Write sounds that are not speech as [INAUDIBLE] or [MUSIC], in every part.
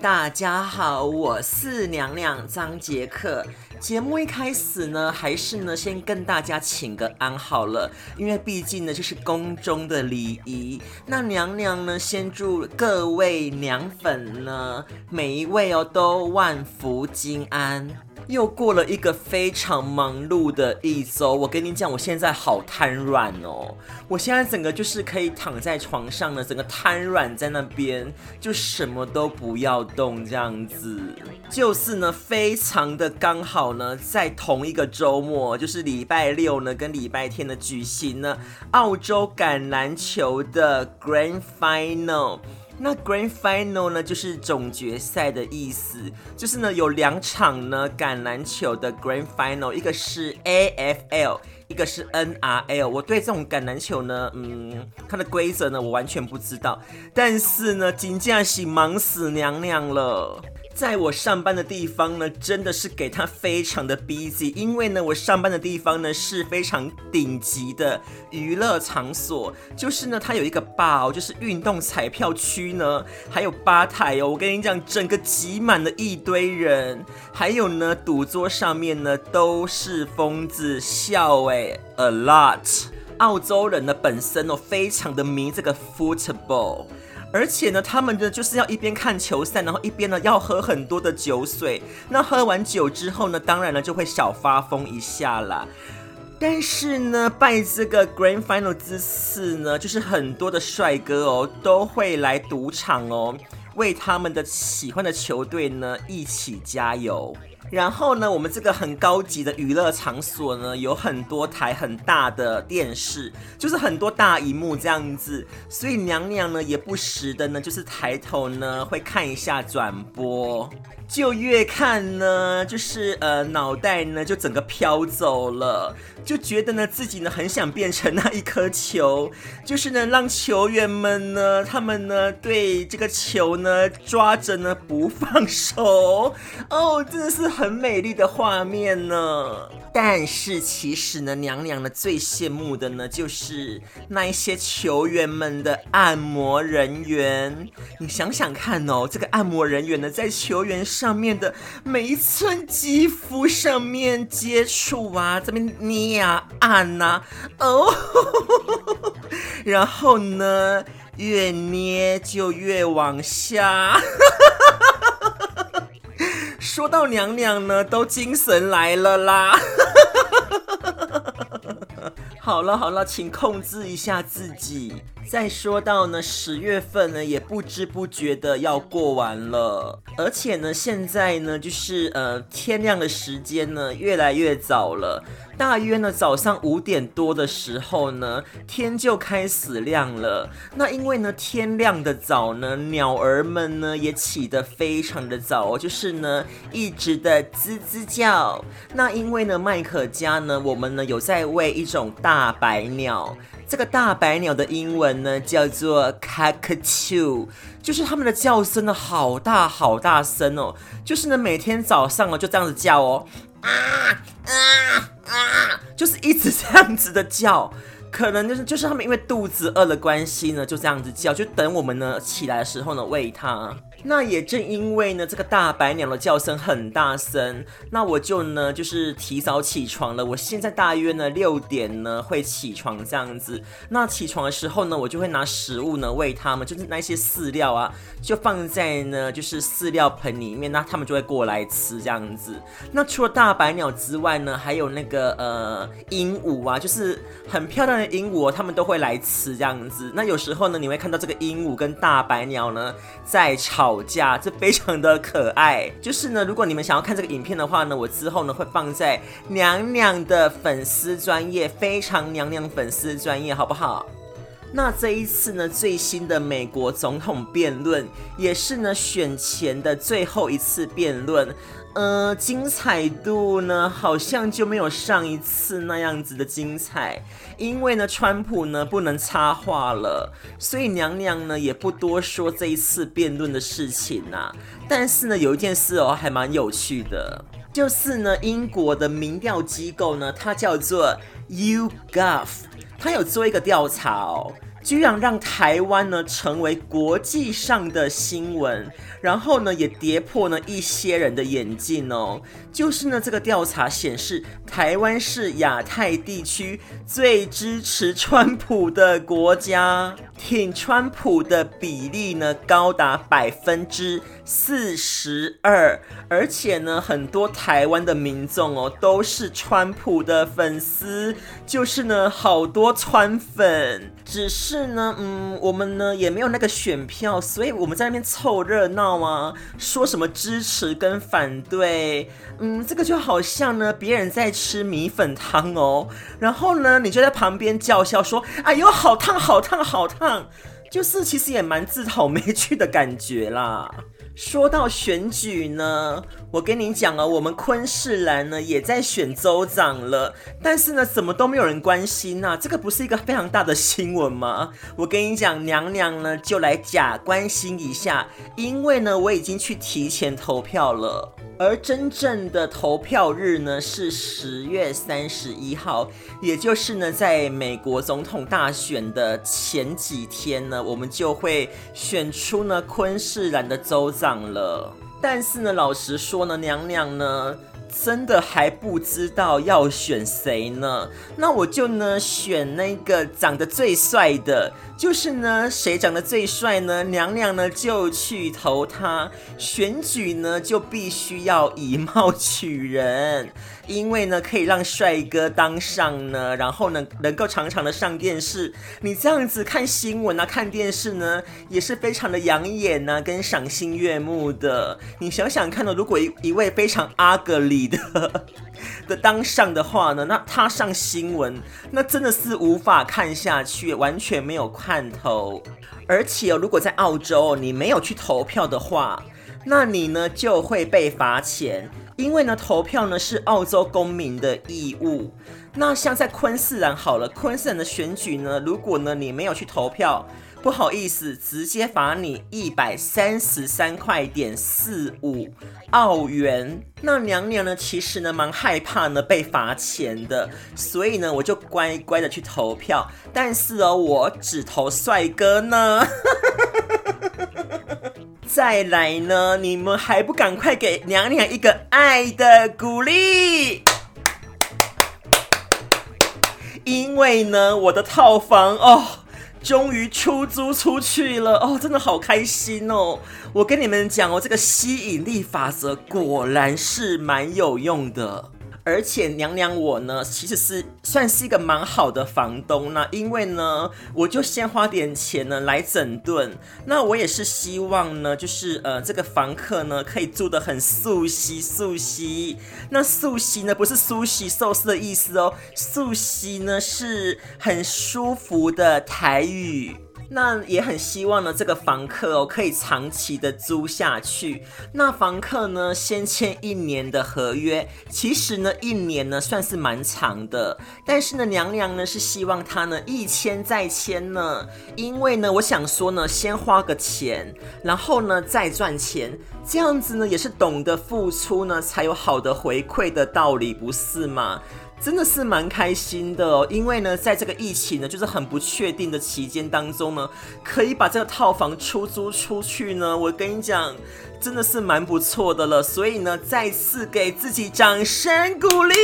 大家好，我是娘娘張杰克。節目一開始呢，還是呢先跟大家請個安好了，因為畢竟呢就是宮中的禮儀。那娘娘呢先祝各位娘粉呢每一位哦都萬福金安。又過了一個非常忙碌的一周，我跟你講，我現在好癱軟哦，我現在整個就是可以躺在床上呢，整個癱軟在那邊，就什麼都不要動這樣子，就是呢，非常的剛好呢，在同一個周末，就是禮拜六呢跟禮拜天呢舉行呢，澳洲橄欖球的 Grand Final。那 Grand Final 呢，就是總決賽的意思，就是呢有兩場呢橄欖球的 Grand Final，一個是 AFL，一個是 NRL。我對這種橄欖球呢，嗯，它的規則呢，我完全不知道，但是呢，真的是忙死娘娘了。在我上班的地方呢，真的是給他非常的 busy，因為呢，我上班的地方呢是非常頂級的娛樂場所，就是呢，它有一個 bar 哦，就是運動彩票區呢，還有吧台哦，我跟你講，整個擠滿了一堆人，還有呢，賭桌上面呢都是瘋子笑哎，a lot，澳洲人呢本身哦非常的迷這個 football。而且呢，他們的就是要一邊看球賽，然後一邊呢要喝很多的酒水。那喝完酒之後呢，當然呢就會小發瘋一下啦。但是呢，拜這個 grand final 之次呢，就是很多的帥哥哦，都會來賭場哦。為他們的喜歡的球隊呢一起加油。然後呢，我們這個很高級的娛樂場所呢，有很多台很大的電視，就是很多大熒幕這樣子。所以娘娘呢，也不時的呢，就是抬頭呢，會看一下轉播。就越看呢，就是呃腦袋呢就整個飄走了，就覺得呢自己呢很想變成那一顆球，就是呢讓球員們呢他們呢對這個球呢抓着呢不放手，哦，真的是很美麗的畫面呢。但是其實呢，娘娘呢最羨慕的呢就是那一些球員們的按摩人員。你想想看哦，這個按摩人員呢，在球員上面的每一寸肌膚上面接觸啊，這邊捏啊、按吶、啊，哦， [LAUGHS] 然後呢，越捏就越往下。 [LAUGHS] 說到娘娘呢，都精神來了啦。 [LAUGHS] 好了好了，請控制一下自己。再說到呢，十月份呢，也不知不覺的要過完了。而且呢，現在呢，就是呃，天亮的時間呢，越來越早了。大約呢，早上五點多的時候呢，天就開始亮了。那因為呢，天亮的早呢，鳥兒們呢，也起得非常的早哦。就是呢，一直的吱吱叫。那因為呢，麥可家呢，我們呢，有在餵一種大。大白鳥，這個大白鳥的英文呢，叫做 cockatoo，就是它們的叫聲呢，好大好大聲哦，就是呢，每天早上哦，就這樣子叫哦，啊啊啊，就是一直這樣子的叫，可能就是就是他們因為肚子餓的關係呢，就這樣子叫，就等我們呢，起來的時候呢，餵它。那也正因為呢，這個大白鳥的叫聲很大聲，那我就呢就是提早起床了。我現在大約呢六點呢會起床這樣子。那起床的時候呢，我就會拿食物呢餵它們，就是那些飼料啊，就放在呢就是飼料盆裡面，那它們就會過來吃這樣子。那除了大白鳥之外呢，還有那個呃鸚鵡啊，就是很漂亮的鸚鵡哦，它們都會來吃這樣子。那有時候呢，你會看到這個鸚鵡跟大白鳥呢在吵。吵架，這非常的可愛。就是呢，如果你們想要看這個影片的話呢，我之後呢會放在娘娘的粉絲專頁，非常娘娘粉絲專頁，好不好？那這一次呢，最新的美國總統辯論，也是呢選前的最後一次辯論。呃，精彩度呢，好像就沒有上一次那樣子的精彩，因為呢，川普呢不能插話了，所以娘娘呢也不多說這一次辯論的事情吶、啊。但是呢，有一件事哦，還蠻有趣的，就是呢，英國的民調機構呢，它叫做 YouGov，它有做一個調查哦。居然讓台灣呢成為國際上的新聞，然後呢也跌破了一些人的眼鏡哦。就是呢這個調查顯示，台灣是亞太地區最支持川普的國家，挺川普的比例呢高達百分之四十二，而且呢很多台灣的民眾哦都是川普的粉絲，就是呢好多川粉，只是。但是呢，嗯，我們呢也沒有那個選票，所以我們在那邊湊熱鬧啊，說什麼支持跟反對，嗯，這個就好像呢別人在吃米粉湯哦，然後呢你就在旁邊叫囂說，哎呦好燙好燙好燙，就是其實也蠻自討沒趣的感覺啦。說到選舉呢。我跟你講啊、哦，我們昆士蘭呢也在選州長了，但是呢，怎麼都沒有人關心呢？啊，這個不是一個非常大的新聞嗎？我跟你講，娘娘呢就來假關心一下，因為呢，我已經去提前投票了。而真正的投票日呢是十月三十一號，也就是呢，在美國總統大選的前幾天呢，我們就會選出呢昆士蘭的州長了。但是呢，老實說呢，娘娘呢，真的還不知道要選誰呢，那我就呢選那個長得最帥的。就是呢誰長得最帥呢？娘娘呢就去投他。選舉呢就必須要以貌取人，因為呢可以讓帥哥當上呢，然後呢能夠常常的上電視。你這樣子看新聞啊，看電視呢也是非常的養眼吶、啊，跟賞心悅目的。你想想看呢，如果一一位非常阿格里， [LAUGHS] 的當上的話呢，那他上新聞，那真的是無法看下去，完全沒有看頭。而且哦，如果在澳洲，你沒有去投票的話，那你呢就會被罰錢，因為呢投票呢是澳洲公民的義務。那像在昆士蘭好了，昆士蘭的選舉呢，如果呢你沒有去投票，不好意思，直接罰你一百三十三塊點四五澳元。那娘娘呢，其實呢，蠻害怕呢被罰錢的，所以呢，我就乖乖的去投票。但是哦，我只投帥哥呢。 [LAUGHS] 再來呢，你們還不趕快給娘娘一個愛的鼓勵？ [LAUGHS] 因為呢，我的套房哦。終於出租出去了哦，真的好開心哦。我跟你們講哦，這個吸引力法則果然是蠻有用的。而且，娘娘我呢，其實是算是一個蠻好的房東。那因為呢，我就先花點錢呢來整頓。那我也是希望呢，就是呃，這個房客呢可以住得很素息素息。那素息呢，不是 sushi 壽司的意思哦，素息呢是很舒服的台語。那也很希望呢，這個房客哦可以長期的租下去。那房客呢，先簽一年的合約。其實呢，一年呢算是蠻長的，但是呢，娘娘呢是希望他呢一簽再簽呢，因為呢，我想說呢，先花個錢，然後呢再賺錢，這樣子呢也是懂得付出呢才有好的回饋的道理，不是嗎？真的是蠻開心的哦，因為呢，在這個疫情呢，就是很不確定的期間當中呢，可以把這個套房出租出去呢，我跟你講，真的是蠻不錯的了。所以呢，再次給自己掌聲鼓勵。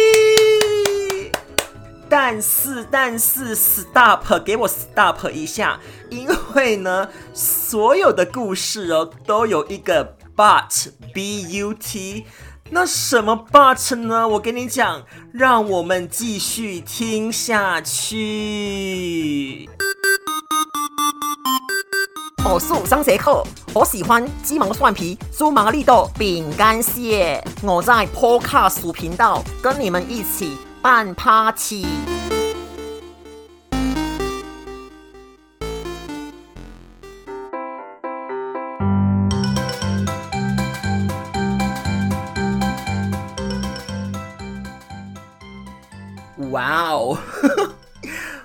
但是，但是，stop，給我 stop 一下，因為呢，所有的故事哦，都有一個 but，b u t。那什麼 but 呢？我跟你講，讓我們繼續聽下去。我是張傑克，我喜歡雞毛蒜皮、豬毛綠豆、餅乾屑。我在 Podcast 頻道跟你們一起辦 party。 [LAUGHS]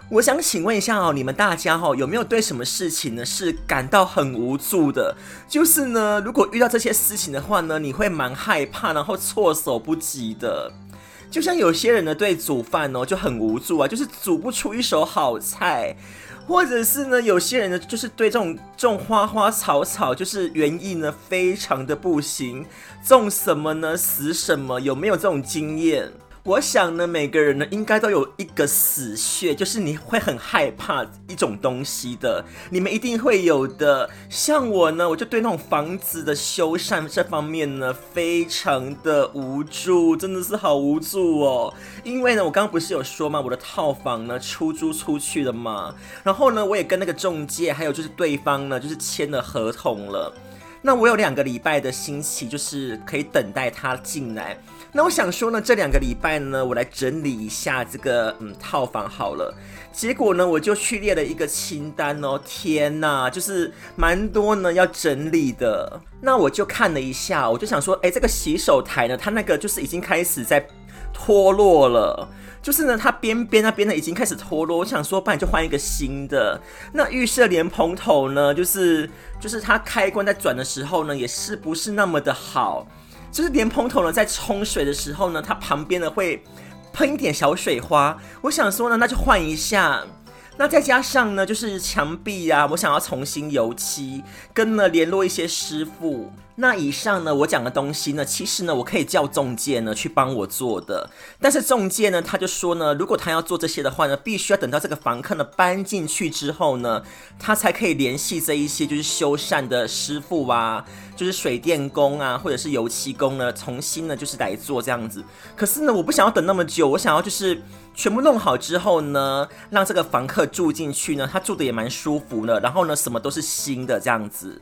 我想請問一下哦，你們大家哈、哦、有沒有對什麼事情呢是感到很無助的？就是呢，如果遇到這些事情的話呢，你會蠻害怕，然後措手不及的。就像有些人呢對煮飯哦就很無助啊，就是煮不出一手好菜，或者是呢有些人呢就是對這種種花花草草就是園藝呢非常的不行，種什麼呢死什麼？有沒有這種經驗？我想呢，每個人呢應該都有一個死穴，就是你會很害怕一種東西的，你們一定會有的。像我呢，我就對那種房子的修繕這方面呢非常的無助，真的是好無助哦。因為呢，我剛剛不是有說嘛，我的套房呢出租出去了嘛，然後呢，我也跟那個中介還有就是對方呢就是簽了合同了。那我有兩個禮拜的星期，就是可以等待他進來。那我想說呢，這兩個禮拜呢，我來整理一下這個嗯套房好了。結果呢，我就去列了一個清單哦。天哪，就是蠻多呢要整理的。那我就看了一下，我就想說，欸，這個洗手台呢，它那個就是已經開始在脫落了。就是呢，它邊邊那邊呢已經開始脫落。我想說，不然就換一個新的。那浴室蓮蓬頭呢，就是就是它開關在轉的時候呢，也是不是那麼的好。就是蓮蓬頭呢，在沖水的時候呢，它旁邊呢會噴一點小水花。我想說呢，那就換一下。那再加上呢，就是牆壁啊，我想要重新油漆，跟呢聯絡一些師傅。那以上呢，我講的東西呢，其實呢，我可以叫中介呢去幫我做的。但是中介呢，他就說呢，如果他要做這些的話呢，必須要等到這個房客呢搬進去之後呢，他才可以聯繫這一些就是修繕的師傅啊，就是水電工啊，或者是油漆工呢，重新呢就是來做這樣子。可是呢，我不想要等那麼久，我想要就是全部弄好之後呢，讓這個房客住進去呢，他住的也蠻舒服的，然後呢，什麼都是新的這樣子。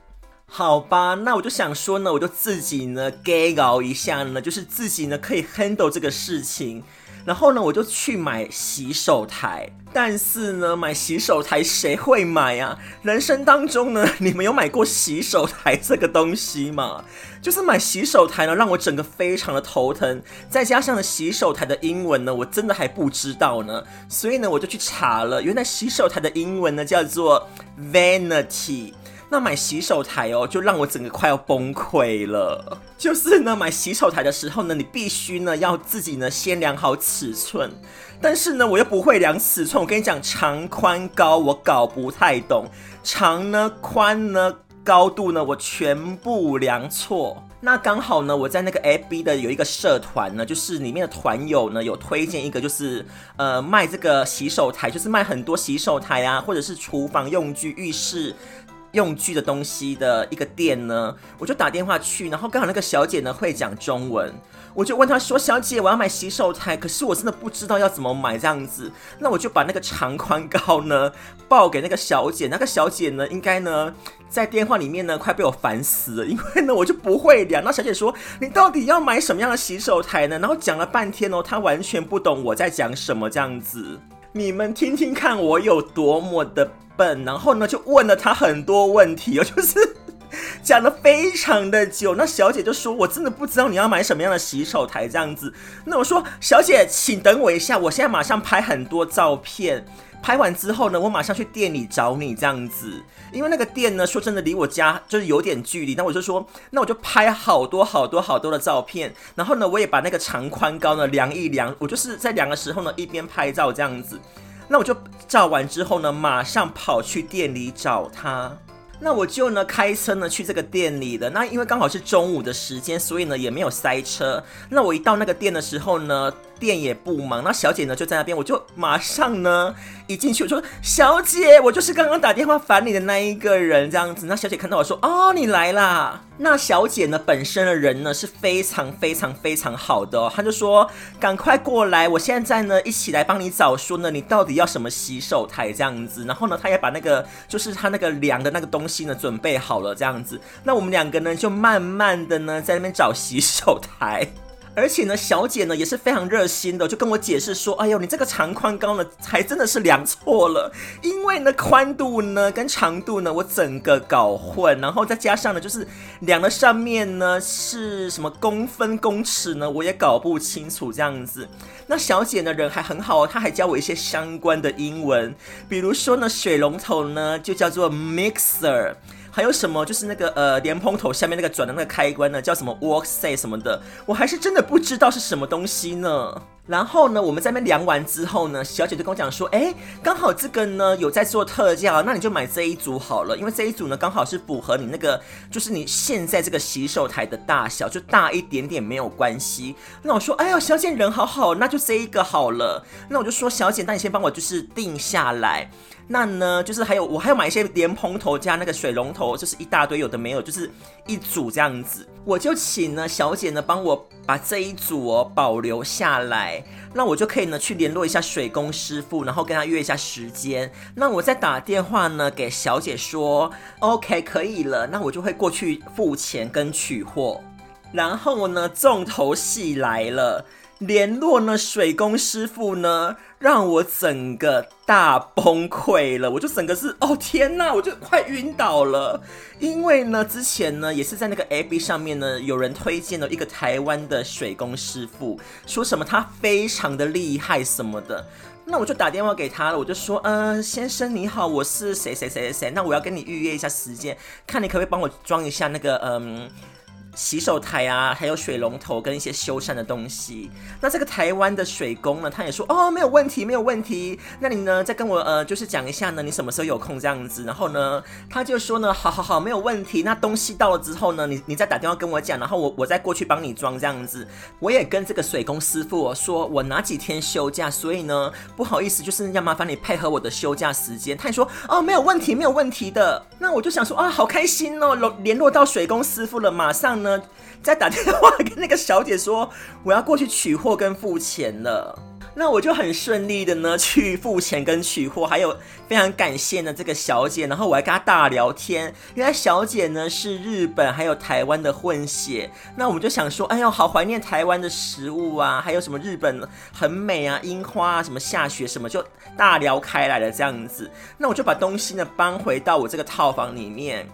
好吧，那我就想說呢，我就自己呢 Google 一下呢，就是自己呢可以 handle 這個事情，然後呢，我就去買洗手台，但是呢，買洗手台誰會買啊？人生當中呢，你們有買過洗手台這個東西嗎？就是買洗手台呢，讓我整個非常的頭疼，再加上呢，洗手台的英文呢，我真的還不知道呢，所以呢，我就去查了，原來洗手台的英文呢叫做 vanity。那買洗手台哦，就讓我整個快要崩潰了。就是呢，買洗手台的時候呢，你必須呢要自己呢先量好尺寸。但是呢，我又不會量尺寸。我跟你講，長寬高我搞不太懂。長呢，寬呢，高度呢，我全部量錯。那剛好呢，我在那個 FB 的有一個社團呢，就是裡面的團友呢有推薦一個，就是呃賣這個洗手台，就是賣很多洗手台啊，或者是廚房用具、浴室。用具的東西的一個店呢，我就打電話去，然後剛好那個小姐呢會講中文，我就問她說：“小姐，我要買洗手台，可是我真的不知道要怎麼買這樣子。”那我就把那個長寬高呢報給那個小姐，那個小姐呢應該呢在電話裡面呢快被我煩死了，因為呢我就不會量。那小姐說：“你到底要買什麼樣的洗手台呢？”然後講了半天哦，她完全不懂我在講什麼這樣子。你們聽聽看，我有多麼的笨，然後呢，就問了他很多問題喔，就是。講的非常的久，那小姐就說，我真的不知道你要買什麼樣的洗手台這樣子。那我說，小姐，請等我一下，我現在馬上拍很多照片，拍完之後呢，我馬上去店裡找你這樣子。因為那個店呢，說真的離我家就是有點距離，那我就說，那我就拍好多好多好多的照片，然後呢，我也把那個長寬高呢量一量，我就是在量的時候呢，一邊拍照這樣子。那我就照完之後呢，馬上跑去店裡找他。那我就呢開車呢去這個店裡的，那因為剛好是中午的時間，所以呢也沒有塞車。那我一到那個店的時候呢。店也不忙，那小姐呢就在那邊，我就馬上呢一進去，我就說：“小姐，我就是剛剛打電話煩你的那一個人，這樣子。”那小姐看到我說：“哦，你來啦！”那小姐呢本身的人呢是非常非常非常好的哦，她就說：“趕快過來，我現在呢一起來幫你找，說呢你到底要什麼洗手台這樣子。”然後呢，她也把那個就是她那個量的那個東西呢準備好了這樣子，那我們兩個呢就慢慢的呢在那邊找洗手台。而且呢，小姐呢也是非常熱心的，就跟我解釋說：“哎呦，你這個長寬高呢，還真的是量錯了，因為呢寬度呢跟長度呢我整個搞混，然後再加上呢就是量的上面呢是什麼公分、公尺呢，我也搞不清楚這樣子。那小姐呢人還很好哦，她還教我一些相關的英文，比如說呢水龍頭呢就叫做 mixer。”還有什麼？就是那個呃，蓮蓬頭下面那個轉的那個開關呢，叫什麼 “walk say” 什麼的，我還是真的不知道是什麼東西呢。然後呢，我們在那邊量完之後呢，小姐就跟我講說：“哎、欸，剛好這個呢有在做特價，那你就買這一組好了，因為這一組呢剛好是符合你那個，就是你現在這個洗手台的大小，就大一點點沒有關係。”那我說：“哎呀，小姐人好好，那就這一個好了。”那我就說：“小姐，那你先幫我就是定下來。”那呢，就是還有我還要買一些蓮蓬頭加那個水龍頭，就是一大堆，有的沒有，就是一組這樣子。我就請呢小姐呢幫我把這一組哦保留下來，那我就可以呢去聯絡一下水工師傅，然後跟他約一下時間。那我再打電話呢給小姐說，OK，可以了，那我就會過去付錢跟取貨。然後呢，重頭戲來了，聯絡呢水工師傅呢。讓我整個大崩潰了，我就整個是哦，天吶，我就快暈倒了。因為呢，之前呢也是在那個 APP 上面呢，有人推薦了一個台灣的水工師傅，說什麼他非常的厲害什麼的。那我就打電話給他了，我就說呃，先生你好，我是誰誰誰誰誰，那我要跟你預約一下時間，看你可不可以幫我裝一下那個嗯。呃洗手台啊，還有水龍頭跟一些修繕的東西。那這個台灣的水工呢，他也說哦，沒有問題，沒有問題。那你呢，再跟我呃，就是講一下呢，你什麼時候有空這樣子。然後呢，他就說呢，好好好，沒有問題。那東西到了之後呢，你你再打電話跟我講，然後我我再過去幫你裝這樣子。我也跟這個水工師傅說，我哪幾天休假，所以呢，不好意思，就是要麻煩你配合我的休假時間。他也說哦，沒有問題，沒有問題的。那我就想說啊，哦，好開心哦，聯絡到水工師傅了，馬上呢。呢，再打電話跟那個小姐說，我要過去取貨跟付錢了。那我就很順利的呢，去付錢跟取貨，還有非常感謝呢這個小姐。然後我還跟她大聊天，原來小姐呢是日本還有台灣的混血。那我們就想說，哎呦，好懷念台灣的食物啊，還有什麼日本很美啊，櫻花啊，什麼下雪什麼，就大聊開來了這樣子。那我就把東西呢搬回到我這個套房裡面。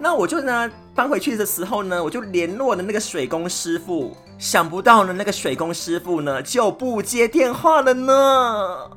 那我就呢搬回去的時候呢，我就聯絡了那個水工師傅，想不到呢那個水工師傅呢就不接電話了呢。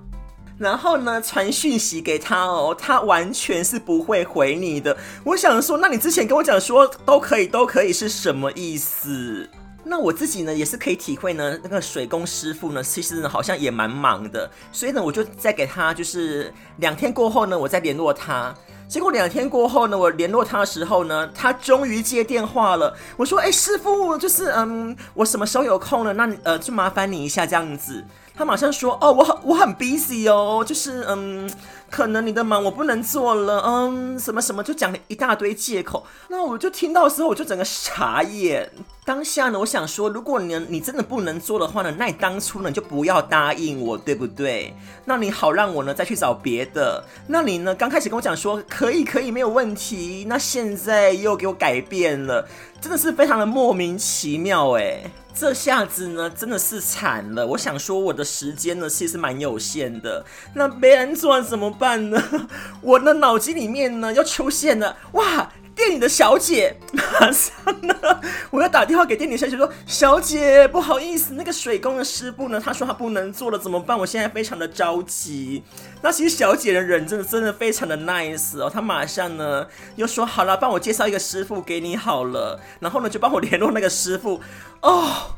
然後呢傳訊息給他哦，他完全是不會回你的。我想說，那你之前跟我講說都可以都可以是什麼意思？那我自己呢也是可以體會呢，那個水工師傅呢其實呢好像也蠻忙的，所以呢我就再給他，就是兩天過後呢我再聯絡他。結果兩天過後呢，我聯絡他的時候呢，他終於接電話了。我說：“哎，師傅，就是嗯，我什麼時候有空呢？那呃，就麻煩你一下這樣子。”他馬上說：“哦，我很我很 busy 哦，就是嗯。”可能你的忙我不能做了，嗯，什麼什麼就講了一大堆借口，那我就聽到的時候我就整個傻眼。當下呢，我想說，如果你你真的不能做的話呢，那你當初呢你就不要答應我，對不對？那你好讓我呢再去找別的。那你呢剛開始跟我講說可以可以沒有問題，那現在又給我改變了，真的是非常的莫名其妙誒。這下子呢，真的是慘了。我想說，我的時間呢，其實蠻有限的。那沒人做怎麼辦呢？ [LAUGHS] 我的腦筋裡面呢，要出現了哇！店裡的小姐，馬上呢，我要打電話給店裡小姐說：“小姐，不好意思，那個水工的師傅呢？他說他不能做了，怎麼辦？我現在非常的着急。那些小姐的人真的真的非常的 nice 哦，她馬上呢又說好了，幫我介紹一個師傅給你好了，然後呢就幫我聯絡那個師傅哦。”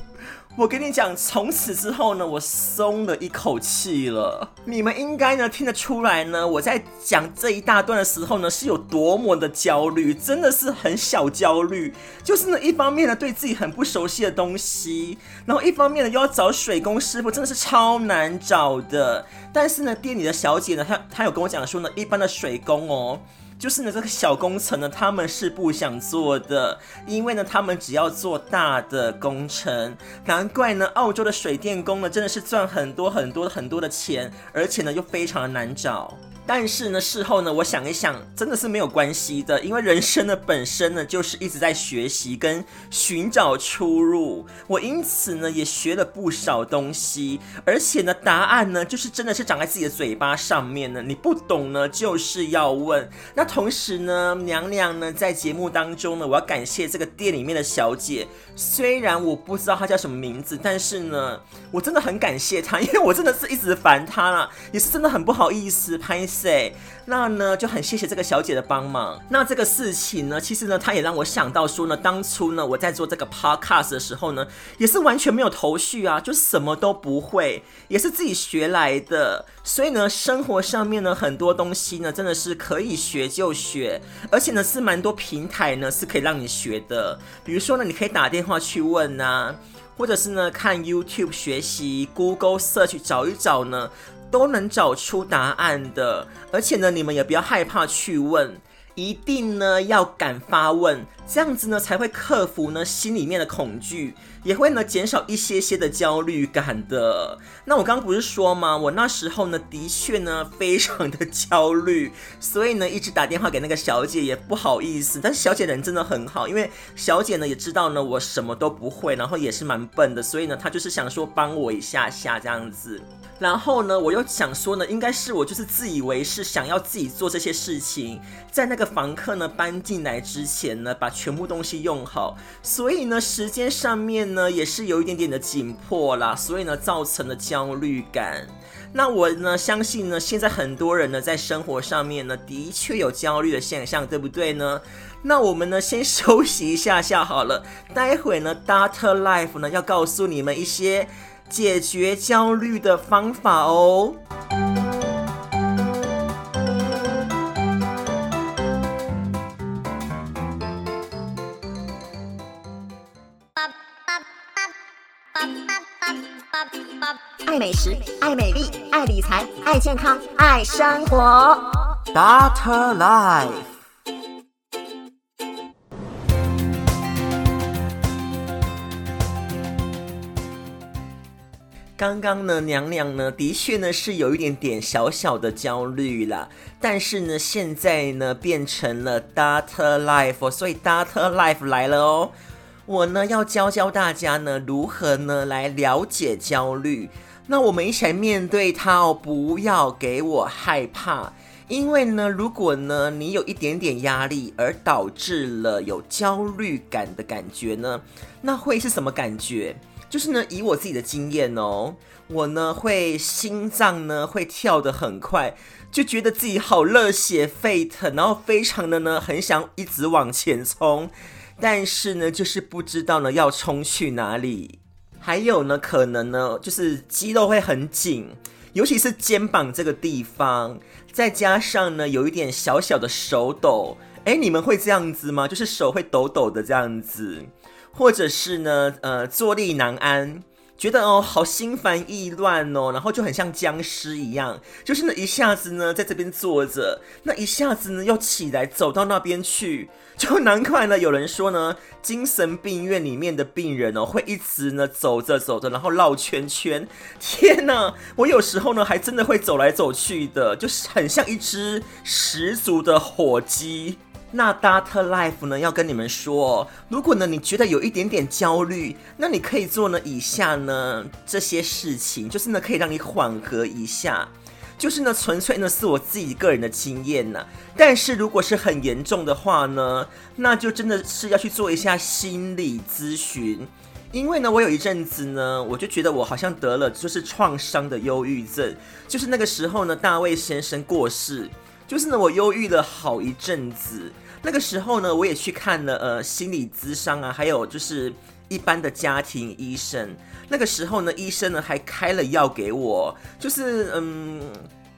我跟你講，從此之後呢，我鬆了一口氣了。你們應該呢聽得出來呢，我在講這一大段的時候呢，是有多麼的焦慮，真的是很小焦慮。就是呢，一方面呢，對自己很不熟悉的東西，然後一方面呢，又要找水工師傅，真的是超難找的。但是呢，店裡的小姐呢，她她有跟我講說呢，一般的水工哦。就是呢，這個小工程呢，他們是不想做的，因為呢，他們只要做大的工程。難怪呢，澳洲的水電工呢，真的是賺很多很多很多的錢，而且呢，又非常的難找。但是呢，事後呢，我想一想，真的是沒有關係的，因為人生的本身呢，就是一直在學習跟尋找出路。我因此呢，也學了不少東西。而且呢，答案呢，就是真的是長在自己的嘴巴上面呢。你不懂呢，就是要問。那同時呢，娘娘呢，在節目當中呢，我要感謝這個店裡面的小姐，雖然我不知道她叫什麼名字，但是呢，我真的很感謝她，因為我真的是一直煩她啦，也是真的很不好意思拍。那呢就很謝謝這個小姐的幫忙。那這個事情呢，其實呢，她也讓我想到說呢，當初呢，我在做這個 podcast 的時候呢，也是完全沒有頭緒啊，就什麼都不會，也是自己學來的。所以呢，生活上面呢，很多東西呢，真的是可以學就學，而且呢，是蠻多平台呢，是可以讓你學的。比如說呢，你可以打電話去問啊，或者是呢，看 YouTube 學習，Google search 找一找呢。都能找出答案的，而且呢，你們也不要害怕去問，一定呢要敢發問。這樣子呢，才會克服呢心裡面的恐懼，也會呢減少一些些的焦慮感的。那我剛剛不是說嗎？我那時候呢，的確呢非常的焦慮，所以呢一直打電話給那個小姐也不好意思。但是小姐人真的很好，因為小姐呢也知道呢我什麼都不會，然後也是蠻笨的，所以呢她就是想說幫我一下下這樣子。然後呢我又想說呢，應該是我就是自以為是，想要自己做這些事情，在那個房客呢搬進來之前呢把。全部東西用好，所以呢，時間上面呢也是有一點點的緊迫啦。所以呢，造成了焦慮感。那我呢，相信呢，現在很多人呢，在生活上面呢，的確有焦慮的現象，對不對呢？那我們呢，先休息一下下好了，待會呢 [NOISE] ，Dr. Life 呢，要告訴你們一些解決焦慮的方法哦。愛美食，愛美麗，愛理財，愛健康，愛生活。Dr. Life。剛剛呢，娘娘呢，的確呢是有一點點小小的焦慮啦。但是呢，現在呢變成了 Dr. Life 哦，所以 Dr. Life 來了哦。我呢要教教大家呢，如何呢來了解焦慮。那我們一起來面對它哦，不要給我害怕，因為呢，如果呢你有一點點壓力而導致了有焦慮感的感覺呢，那會是什麼感覺？就是呢，以我自己的經驗哦，我呢會心臟呢會跳得很快，就覺得自己好熱血沸騰，然後非常的呢很想一直往前衝，但是呢就是不知道呢要衝去哪裡。還有呢，可能呢，就是肌肉會很緊，尤其是肩膀這個地方，再加上呢，有一點小小的手抖。哎，你們會這樣子嗎？就是手會抖抖的這樣子，或者是呢，呃，坐立難安。覺得哦，好心煩意亂哦，然後就很像殭屍一樣，就是呢一下子呢，在這邊坐着，那一下子呢，又起來走到那邊去，就難怪呢，有人說呢，精神病院裡面的病人哦，會一直呢走着走着，然後繞圈圈。天哪，我有時候呢，還真的會走來走去的，就是很像一隻十足的火雞。那 Dr. Life 呢？要跟你們說、哦，如果呢你覺得有一點點焦慮，那你可以做呢以下呢這些事情，就是呢可以讓你緩和一下。就是呢純粹呢是我自己個人的經驗吶、啊。但是如果是很嚴重的話呢，那就真的是要去做一下心理諮詢。因為呢我有一陣子呢，我就覺得我好像得了就是創傷的憂鬱症，就是那個時候呢大衛先生，生過世，就是呢我憂鬱了好一陣子。那個時候呢，我也去看了呃心理諮商啊，還有就是一般的家庭醫生。那個時候呢，醫生呢還開了藥給我，就是嗯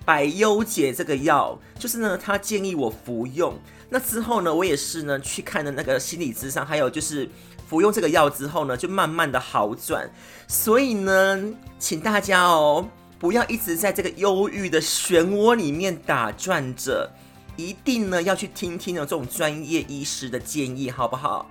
百優解這個藥，就是呢他建議我服用。那之後呢，我也是呢去看了那個心理諮商，還有就是服用這個藥之後呢，就慢慢的好轉。所以呢，請大家哦，不要一直在這個憂鬱的漩渦裡面打轉着。一定呢要去聽聽呢這種專業醫師的建議，好不好？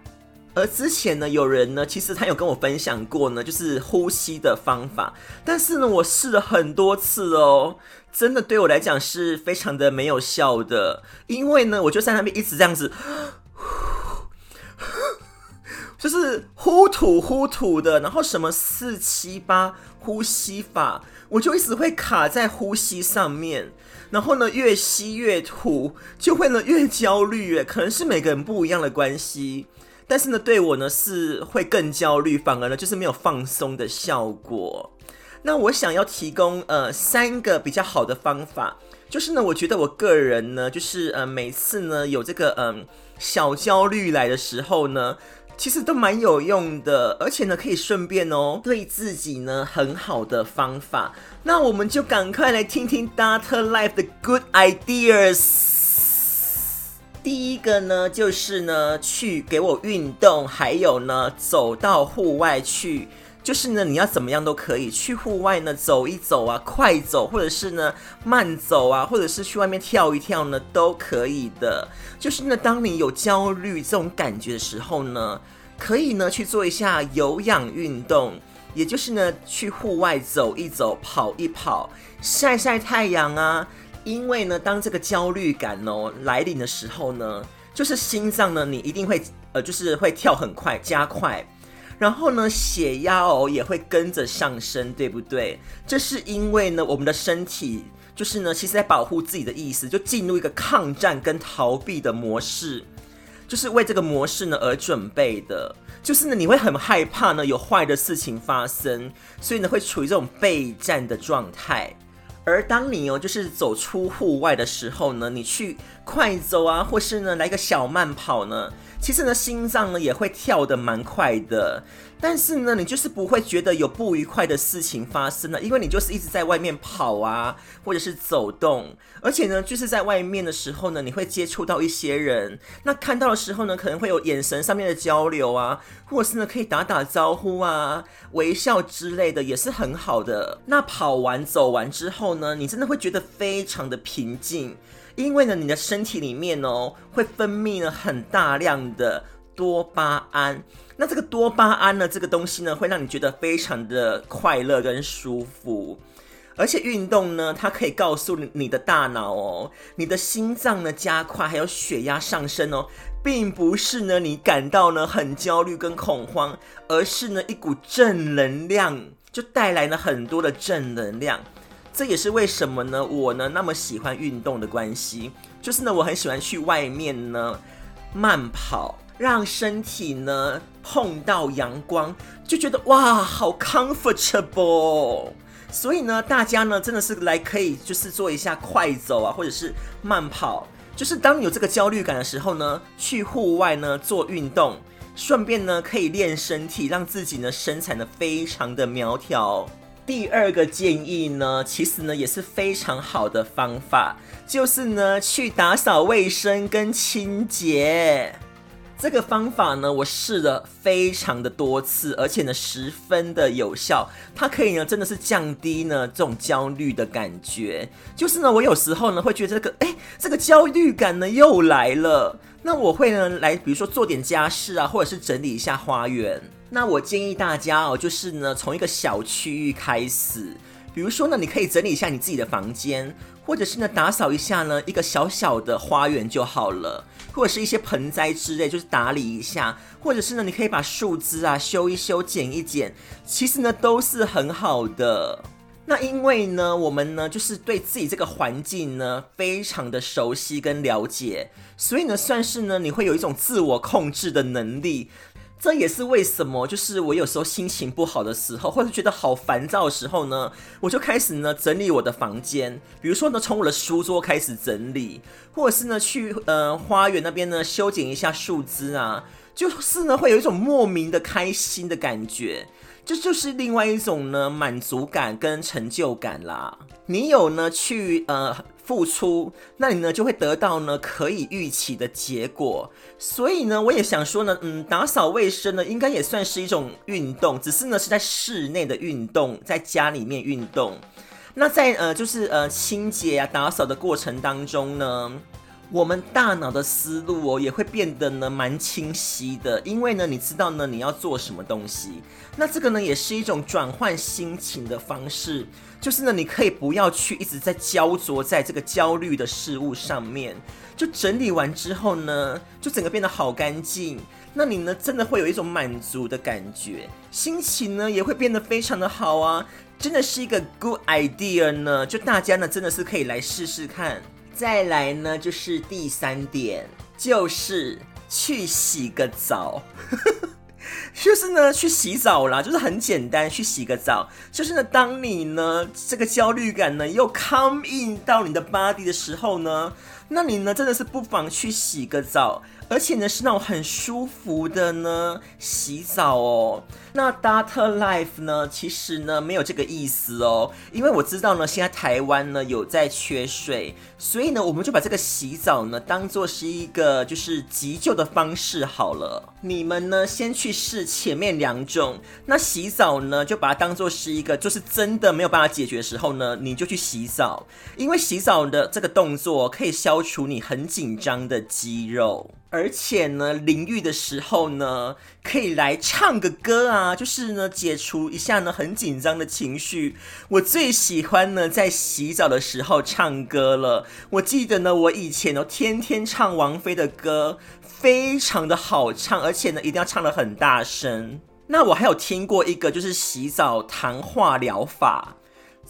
而之前呢，有人呢，其實他有跟我分享過呢，就是呼吸的方法，但是呢，我試了很多次哦，真的對我來講是非常的沒有效的，因為呢，我就在那邊一直這樣子，就是呼吐呼吐的，然後什麼四七八呼吸法，我就一直會卡在呼吸上面。然後呢，越吸越吐，就會呢越焦慮。誒，可能是每個人不一樣的關係，但是呢，對我呢是會更焦慮，反而呢就是沒有放鬆的效果。那我想要提供呃三個比較好的方法，就是呢，我覺得我個人呢，就是呃每次呢有這個嗯、呃、小焦慮來的時候呢。其實都蠻有用的，而且呢，可以順便哦，對自己呢很好的方法。那我們就趕快來聽聽《Dr. Life》的 Good Ideas。第一個呢，就是呢，去給我運動，還有呢，走到戶外去。就是呢，你要怎麼樣都可以。去戶外呢，走一走啊，快走，或者是呢，慢走啊，或者是去外面跳一跳呢，都可以的。就是呢，當你有焦慮這種感覺的時候呢，可以呢去做一下有氧運動，也就是呢去戶外走一走、跑一跑、曬曬太陽啊。因為呢，當這個焦慮感哦來臨的時候呢，就是心臟呢，你一定會呃，就是會跳很快、加快。然後呢，血壓哦也會跟着上升，對不對？這是因為呢，我們的身體就是呢，其實在保護自己的意思，就進入一個抗戰跟逃避的模式，就是為這個模式呢而準備的。就是呢，你會很害怕呢，有壞的事情發生，所以呢，會處於這種備戰的狀態。而當你哦，就是走出戶外的時候呢，你去快走啊，或是呢，來個小慢跑呢。其實呢，心臟呢也會跳得蠻快的，但是呢，你就是不會覺得有不愉快的事情發生了，因為你就是一直在外面跑啊，或者是走動，而且呢，就是在外面的時候呢，你會接觸到一些人，那看到的時候呢，可能會有眼神上面的交流啊，或是呢可以打打招呼啊、微笑之類的，也是很好的。那跑完走完之後呢，你真的會覺得非常的平靜。因為呢，你的身體裡面呢，哦，會分泌了很大量的多巴胺。那這個多巴胺呢，這個東西呢，會讓你覺得非常的快樂跟舒服。而且運動呢，它可以告訴你的大腦哦，你的心臟呢加快，還有血壓上升哦，並不是呢你感到呢很焦慮跟恐慌，而是呢一股正能量就帶來了很多的正能量。這也是為什麼呢，我呢那麼喜歡運動的關係，就是呢我很喜歡去外面呢慢跑，讓身體呢碰到陽光，就覺得哇好 comfortable。所以呢大家呢真的是來可以就是做一下快走啊，或者是慢跑，就是當你有這個焦慮感的時候呢，去戶外呢做運動，順便呢可以練身體，讓自己呢身材呢非常的苗條。第二個建議呢，其實呢也是非常好的方法，就是呢去打掃衛生跟清潔。這個方法呢，我試了非常的多次，而且呢十分的有效。它可以呢真的是降低呢這種焦慮的感覺。就是呢我有時候呢會覺得這個誒、欸，這個焦慮感呢又來了，那我會呢來比如說做點家事啊，或者是整理一下花園。那我建議大家哦，就是呢，從一個小區域開始，比如說呢，你可以整理一下你自己的房間，或者是呢，打掃一下呢一個小小的花園就好了，或者是一些盆栽之類，就是打理一下，或者是呢，你可以把樹枝啊修一修，剪一剪，其實呢都是很好的。那因為呢，我們呢就是對自己這個環境呢非常的熟悉跟了解，所以呢，算是呢你會有一種自我控制的能力。這也是為什麼，就是我有時候心情不好的時候，或者覺得好煩躁的時候呢，我就開始呢整理我的房間，比如說呢，從我的書桌開始整理，或者是呢去呃花園那邊呢修剪一下樹枝啊。就是呢，會有一種莫名的開心的感覺，這就是另外一種呢滿足感跟成就感啦。你有呢去呃付出，那你呢就會得到呢可以預期的結果。所以呢，我也想說呢，嗯，打掃衛生呢應該也算是一種運動，只是呢是在室內的運動，在家裡面運動。那在呃就是呃清潔啊、打掃的過程當中呢，我們大腦的思路哦，也會變得呢蠻清晰的，因為呢，你知道呢你要做什麼東西，那這個呢也是一種轉換心情的方式，就是呢你可以不要去一直在焦灼在這個焦慮的事物上面，就整理完之後呢，就整個變得好乾淨，那你呢真的會有一種滿足的感覺，心情呢也會變得非常的好啊，真的是一個 good idea 呢，就大家呢真的是可以來試試看。再來呢，就是第三點，就是去洗個澡。 [LAUGHS] 就是呢，去洗澡啦，就是很簡單，去洗個澡。就是呢，當你呢這個焦慮感呢又 come in 到你的 body 的時候呢，那你呢真的是不妨去洗個澡，而且呢是那種很舒服的呢洗澡哦。那 Dr. Life 呢，其實呢沒有這個意思哦，因為我知道呢現在台灣呢有在缺水，所以呢我們就把這個洗澡呢當做是一個就是急救的方式好了。你們呢先去。是前面兩種，那洗澡呢，就把它當做是一個，就是真的沒有辦法解決的時候呢，你就去洗澡，因為洗澡的這個動作可以消除你很緊張的肌肉，而且呢，淋浴的時候呢，可以來唱個歌啊，就是呢，解除一下呢很緊張的情緒。我最喜歡呢，在洗澡的時候唱歌了，我記得呢，我以前都天天唱王菲的歌。非常的好唱，而且呢，一定要唱得很大聲。那我還有聽過一個，就是洗澡談話療法。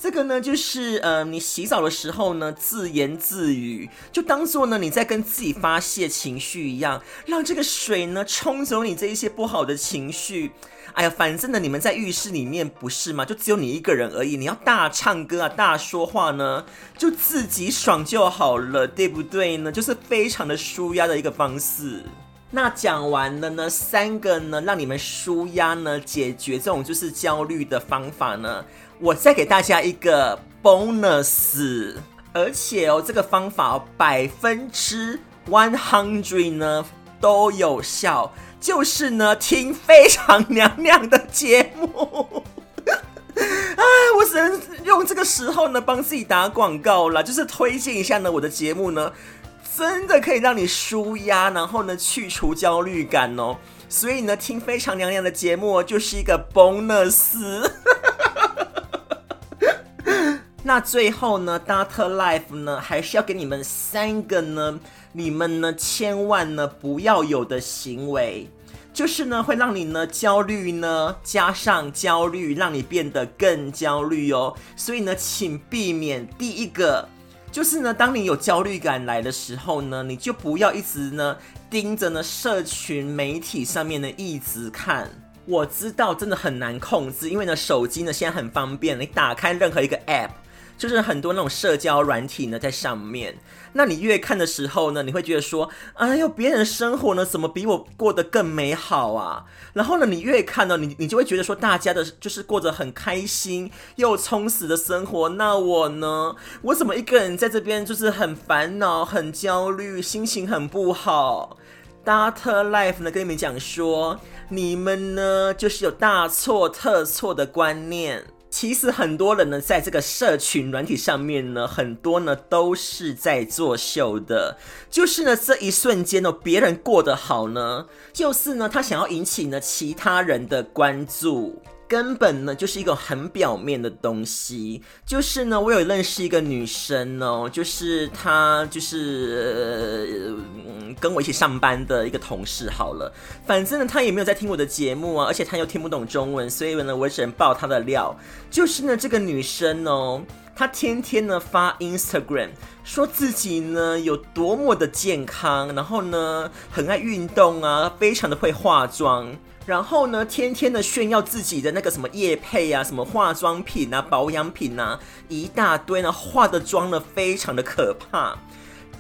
這個呢，就是呃，你洗澡的時候呢，自言自語，就當做呢你在跟自己發洩情緒一樣，讓這個水呢沖走你這一些不好的情緒。哎呀，反正呢，你們在浴室裡面不是嗎？就只有你一個人而已，你要大唱歌啊，大說話呢，就自己爽就好了，對不對呢？就是非常的舒壓的一個方式。那講完了呢，三個呢，讓你們舒壓呢，解決這種就是焦慮的方法呢，我再給大家一個 bonus，而且哦，這個方法哦，百分之 one hundred 呢，都有效。就是呢，聽非常娘娘的節目啊， [LAUGHS] 我只能用這個時候呢幫自己打廣告了，就是推薦一下呢我的節目呢，真的可以讓你舒壓，然後呢去除焦慮感哦。所以呢，聽非常娘娘的節目就是一個 bonus。 [LAUGHS] 那最後呢 Dr. Life 呢還是要給你們三個呢，你們呢千萬呢不要有的行為。就是呢，會讓你呢焦慮呢，加上焦慮，讓你變得更焦慮哦。所以呢，請避免第一個，就是呢，當你有焦慮感來的時候呢，你就不要一直呢盯着呢社群媒體上面呢一直看。我知道，真的很難控制，因為呢，手機呢現在很方便，你打開任何一個 APP。就是很多那種社交軟體呢，在上面，那你越看的時候呢，你會覺得說，哎呦，別人的生活呢怎麼比我過得更美好啊？然後呢，你越看呢，你你就會覺得說，大家的就是過着很開心又充實的生活，那我呢，我怎麼一個人在這邊就是很煩惱、很焦慮、心情很不好？Dr. Life 呢跟你們講說，你們呢就是有大錯特錯的觀念。其實很多人呢，在這個社群軟體上面呢，很多呢都是在作秀的，就是呢這一瞬間呢，哦，別人過得好呢，就是呢他想要引起呢其他人的關注。根本呢就是一個很表面的東西，就是呢，我有認識一個女生哦，就是她就是，呃，跟我一起上班的一個同事，好了，反正呢她也沒有在聽我的節目啊，而且她又聽不懂中文，所以呢我只能爆她的料，就是呢這個女生哦。他天天呢發 Instagram，說自己呢有多麼的健康，然後呢很愛運動啊，非常的會化妝，然後呢天天的炫耀自己的那個什麼業配啊，什麼化妝品啊、保養品啊一大堆呢，化的妝呢非常的可怕。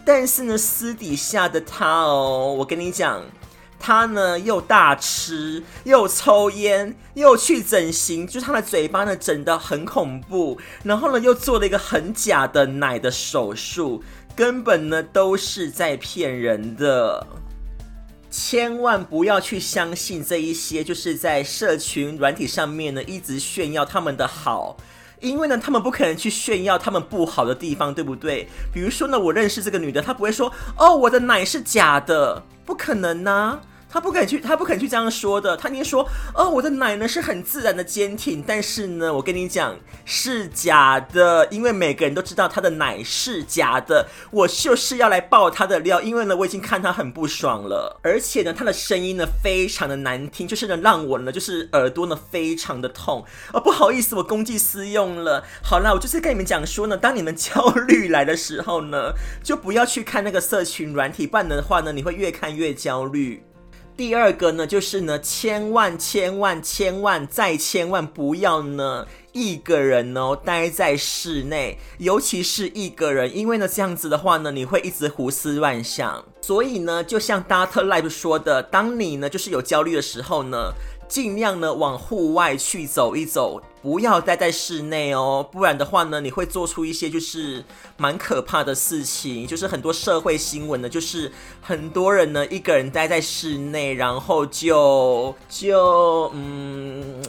但是呢，私底下的他哦，我跟你講。他呢又大吃又抽煙又去整形，就是他的嘴巴呢整得很恐怖，然後呢又做了一個很假的奶的手術，根本呢都是在騙人的，千萬不要去相信這一些，就是在社群軟體上面呢一直炫耀他們的好，因為呢他們不可能去炫耀他們不好的地方，對不對？比如說呢，我認識這個女的，她不會說哦，我的奶是假的，不可能吶、啊。他不肯去，他不肯去這樣說的。他捏說，哦，我的奶呢是很自然的堅挺，但是呢，我跟你講是假的，因為每個人都知道他的奶是假的。我就是要來爆他的料，因為呢，我已經看他很不爽了，而且呢，他的聲音呢非常的難聽，就是呢，讓我呢就是耳朵呢非常的痛哦，不好意思，我公器私用了。好啦，我就是跟你們講說呢，當你們焦慮來的時候呢，就不要去看那個社群軟體，不然的話呢，你會越看越焦慮。第二個呢，就是呢，千萬千萬千萬再千萬不要呢，一個人哦待在室內，尤其是一個人，因為呢，這樣子的話呢，你會一直胡思亂想。所以呢，就像 Dr. Life 說的，當你呢就是有焦慮的時候呢，盡量呢往戶外去走一走，不要待在室內哦，不然的話呢，你會做出一些就是蠻可怕的事情。就是很多社會新聞呢，就是很多人呢一個人待在室內，然後就就嗯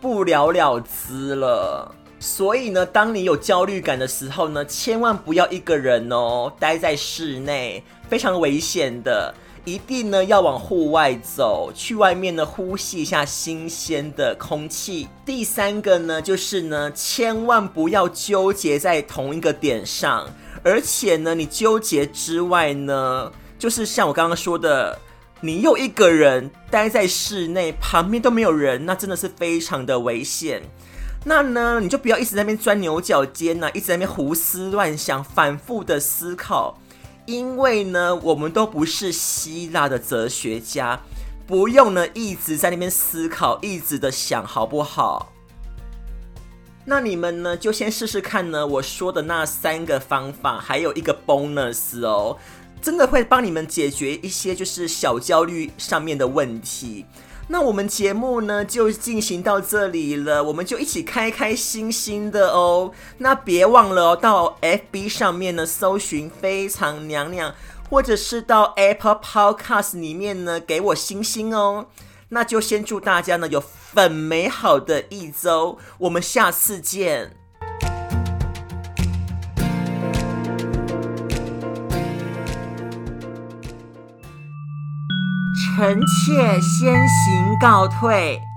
不了了之了。所以呢，當你有焦慮感的時候呢，千萬不要一個人哦待在室內，非常危險的。一定呢要往戶外走，去外面呢呼吸一下新鮮的空氣。第三個呢就是呢千萬不要糾結在同一個點上，而且呢你糾結之外呢，就是像我剛剛說的，你又一個人待在室內，旁邊都沒有人，那真的是非常的危險。那呢你就不要一直在那邊鑽牛角尖呢、啊，一直在那邊胡思亂想，反覆的思考，因為呢，我們都不是希臘的哲學家，不用呢一直在那邊思考，一直的想，好不好？那你們呢，就先試試看呢，我說的那三個方法，還有一個 bonus 哦，真的會幫你們解決一些就是小焦慮上面的問題。那我們節目呢就進行到這裡了，我們就一起開開心心的哦。那別忘了哦，到 FB 上面呢搜尋“非常娘娘”，或者是到 Apple Podcast 裡面呢給我星星哦。那就先祝大家呢有很美好的一周，我們下次見。臣妾先行告退。